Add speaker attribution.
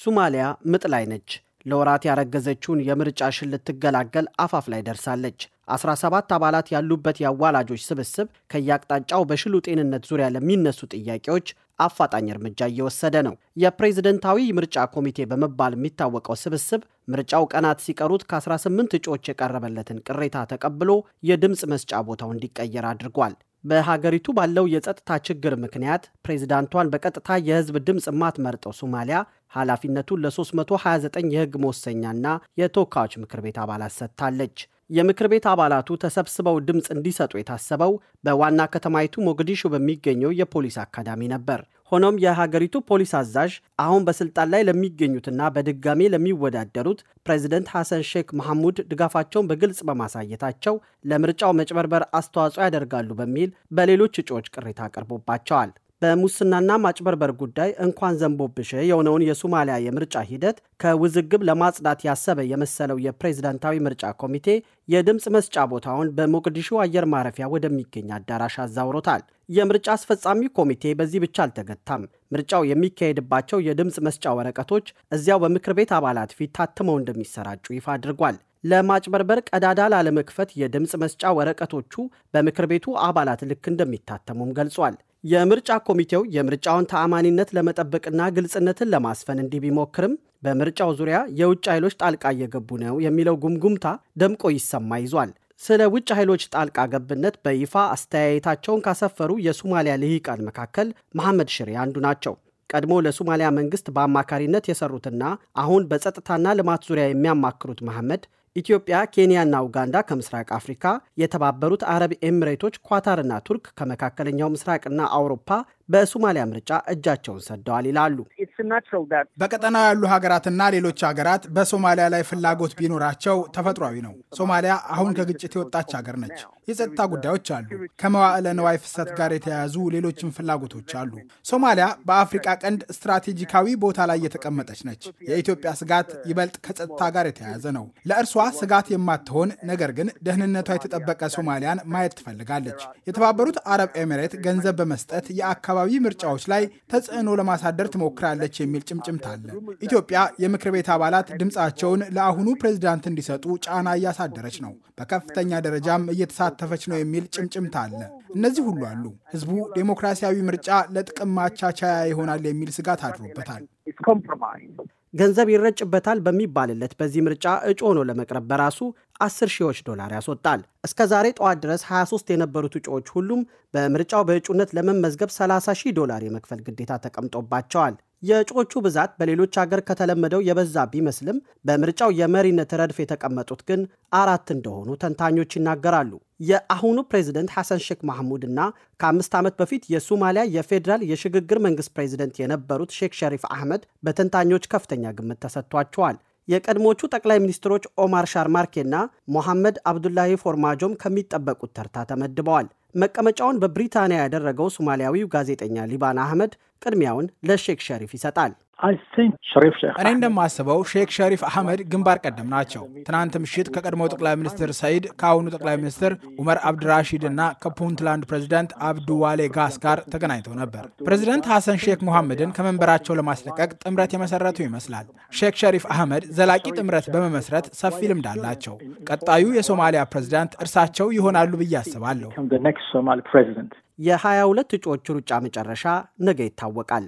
Speaker 1: ሱማሊያ ምጥ ላይ ነች። ለወራት ያረገዘችውን የምርጫ ሽል ልትገላገል አፋፍ ላይ ደርሳለች። 17 አባላት ያሉበት የአዋላጆች ስብስብ ከየአቅጣጫው በሽሉ ጤንነት ዙሪያ ለሚነሱ ጥያቄዎች አፋጣኝ እርምጃ እየወሰደ ነው። የፕሬዝደንታዊ ምርጫ ኮሚቴ በመባል የሚታወቀው ስብስብ ምርጫው ቀናት ሲቀሩት ከ18 እጩዎች የቀረበለትን ቅሬታ ተቀብሎ የድምፅ መስጫ ቦታው እንዲቀየር አድርጓል። በሀገሪቱ ባለው የጸጥታ ችግር ምክንያት ፕሬዚዳንቷን በቀጥታ የህዝብ ድምፅ ማትመርጠው ሶማሊያ ኃላፊነቱን ለ329 የህግ መወሰኛና የተወካዮች ምክር ቤት አባላት ሰጥታለች። የምክር ቤት አባላቱ ተሰብስበው ድምፅ እንዲሰጡ የታሰበው በዋና ከተማይቱ ሞግዲሹ በሚገኘው የፖሊስ አካዳሚ ነበር። ሆኖም የሀገሪቱ ፖሊስ አዛዥ አሁን በስልጣን ላይ ለሚገኙትና በድጋሜ ለሚወዳደሩት ፕሬዚደንት ሐሰን ሼክ መሐሙድ ድጋፋቸውን በግልጽ በማሳየታቸው ለምርጫው መጭበርበር አስተዋጽኦ ያደርጋሉ በሚል በሌሎች እጩዎች ቅሬታ አቅርቦባቸዋል። በሙስናና ማጭበርበር ጉዳይ እንኳን ዘንቦብሽ የሆነውን የሱማሊያ የምርጫ ሂደት ከውዝግብ ለማጽዳት ያሰበ የመሰለው የፕሬዝዳንታዊ ምርጫ ኮሚቴ የድምፅ መስጫ ቦታውን በሞቅዲሹ አየር ማረፊያ ወደሚገኝ አዳራሽ አዛውሮታል። የምርጫ አስፈጻሚ ኮሚቴ በዚህ ብቻ አልተገታም። ምርጫው የሚካሄድባቸው የድምፅ መስጫ ወረቀቶች እዚያው በምክር ቤት አባላት ፊት ታትመው እንደሚሰራጩ ይፋ አድርጓል። ለማጭበርበር ቀዳዳ ላለመክፈት የድምፅ መስጫ ወረቀቶቹ በምክር ቤቱ አባላት ልክ እንደሚታተሙም ገልጿል። የምርጫ ኮሚቴው የምርጫውን ተአማኒነት ለመጠበቅና ግልጽነትን ለማስፈን እንዲህ ቢሞክርም በምርጫው ዙሪያ የውጭ ኃይሎች ጣልቃ እየገቡ ነው የሚለው ጉምጉምታ ደምቆ ይሰማ ይዟል። ስለ ውጭ ኃይሎች ጣልቃ ገብነት በይፋ አስተያየታቸውን ካሰፈሩ የሶማሊያ ልሂቃን መካከል መሐመድ ሽሬ አንዱ ናቸው። ቀድሞ ለሶማሊያ መንግስት በአማካሪነት የሰሩትና አሁን በጸጥታና ልማት ዙሪያ የሚያማክሩት መሐመድ ኢትዮጵያ፣ ኬንያና ኡጋንዳ ከምስራቅ አፍሪካ፣ የተባበሩት አረብ ኤምሬቶች፣ ኳታርና ቱርክ ከመካከለኛው ምስራቅና አውሮፓ በሶማሊያ ምርጫ እጃቸውን ሰደዋል ይላሉ። በቀጠናው
Speaker 2: ያሉ ሀገራትና ሌሎች ሀገራት በሶማሊያ ላይ ፍላጎት ቢኖራቸው ተፈጥሯዊ ነው። ሶማሊያ አሁን ከግጭት የወጣች ሀገር ነች። የጸጥታ ጉዳዮች አሉ። ከመዋዕለ ነዋይ ፍሰት ጋር የተያያዙ ሌሎችም ፍላጎቶች አሉ። ሶማሊያ በአፍሪቃ ቀንድ ስትራቴጂካዊ ቦታ ላይ የተቀመጠች ነች። የኢትዮጵያ ስጋት ይበልጥ ከጸጥታ ጋር የተያያዘ ነው። ለእርሷ ስጋት የማትሆን ነገር ግን ደህንነቷ የተጠበቀ ሶማሊያን ማየት ትፈልጋለች። የተባበሩት አረብ ኤሚሬት ገንዘብ በመስጠት የአካባቢ አካባቢ ምርጫዎች ላይ ተጽዕኖ ለማሳደር ትሞክራለች የሚል ጭምጭምት አለ። ኢትዮጵያ የምክር ቤት አባላት ድምፃቸውን ለአሁኑ ፕሬዝዳንት እንዲሰጡ ጫና እያሳደረች ነው፣ በከፍተኛ ደረጃም እየተሳተፈች ነው የሚል ጭምጭምት አለ። እነዚህ ሁሉ አሉ። ህዝቡ ዴሞክራሲያዊ ምርጫ ለጥቅም ማቻቻያ ይሆናል የሚል ስጋት አድሮበታል።
Speaker 1: ገንዘብ ይረጭበታል በሚባልለት በዚህ ምርጫ እጩ ሆኖ ለመቅረብ በራሱ 10 ሺዎች ዶላር ያስወጣል። እስከ ዛሬ ጠዋት ድረስ 23 የነበሩት እጩዎች ሁሉም በምርጫው በእጩነት ለመመዝገብ 30 ሺህ ዶላር የመክፈል ግዴታ ተቀምጦባቸዋል። የእጩዎቹ ብዛት በሌሎች አገር ከተለመደው የበዛ ቢመስልም በምርጫው የመሪነት ረድፍ የተቀመጡት ግን አራት እንደሆኑ ተንታኞች ይናገራሉ። የአሁኑ ፕሬዚደንት ሐሰን ሼክ ማህሙድ እና ከአምስት ዓመት በፊት የሱማሊያ የፌዴራል የሽግግር መንግሥት ፕሬዚደንት የነበሩት ሼክ ሸሪፍ አህመድ በተንታኞች ከፍተኛ ግምት ተሰጥቷቸዋል። የቀድሞቹ ጠቅላይ ሚኒስትሮች ኦማር ሻርማርኬና ሞሐመድ አብዱላሂ ፎርማጆም ከሚጠበቁት ተርታ ተመድበዋል። መቀመጫውን በብሪታንያ ያደረገው ሶማሊያዊው ጋዜጠኛ ሊባን አህመድ ቅድሚያውን ለሼክ ሸሪፍ ይሰጣል። እኔ እንደማስበው ሼክ ሸሪፍ አህመድ ግንባር ቀደም ናቸው። ትናንት ምሽት ከቀድሞው ጠቅላይ ሚኒስትር
Speaker 2: ሰይድ ከአሁኑ ጠቅላይ ሚኒስትር ዑመር አብድራሺድ እና ከፑንትላንድ ፕሬዚዳንት አብዱ ዋሌ ጋስ ጋር ተገናኝተው ነበር። ፕሬዚደንት ሐሰን ሼክ ሙሐመድን ከመንበራቸው ለማስለቀቅ ጥምረት የመሰረቱ ይመስላል። ሼክ ሸሪፍ አህመድ ዘላቂ ጥምረት በመመስረት ሰፊ ልምድ አላቸው። ቀጣዩ የሶማሊያ
Speaker 1: ፕሬዚዳንት እርሳቸው ይሆናሉ ብዬ አስባለሁ። የ22 እጩዎች ሩጫ መጨረሻ ነገ ይታወቃል።